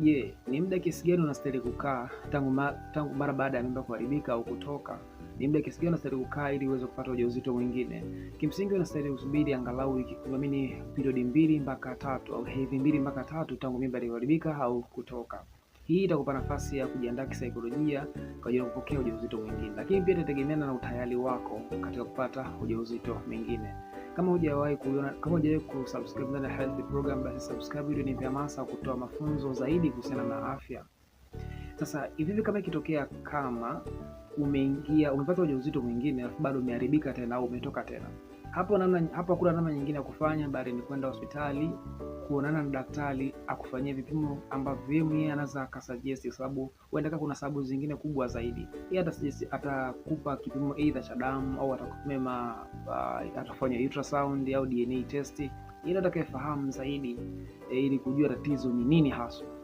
Je, ni muda kiasi gani unastahili kukaa tangu, ma, tangu mara baada ya mimba kuharibika au kutoka? Ni muda kiasi gani unastahili kukaa ili uweze kupata ujauzito mwingine? Kimsingi unastahili kusubiri angalau amini periodi mbili mpaka tatu au hedhi mbili mpaka tatu tangu mimba iliyoharibika au kutoka. Hii itakupa nafasi ya kujiandaa kisaikolojia kwa ajili ya kupokea ujauzito mwingine, lakini pia itategemeana na utayari wako katika kupata ujauzito mwingine. Kama hujawahi kuiona, kama hujawahi kusubscribe ndani ya Health Program, basi subscribe ili nipe hamasa kutoa mafunzo zaidi kuhusiana na afya. Sasa hivi kama ikitokea kama umeingia umepata ujauzito mwingine alafu bado umeharibika tena au umetoka tena hapo namna hapo hakuna namna nyingine ya kufanya bali ni kwenda hospitali kuonana na daktari akufanyia vipimo ambavyo yeye anaweza akasuggest, kwa sababu huenda kuna sababu zingine kubwa zaidi. Yeye atasuggest, atakupa kipimo aidha cha damu au atakupima uh, atafanya ultrasound au DNA test ili atakayefahamu zaidi, eh, ili kujua tatizo ni nini haswa.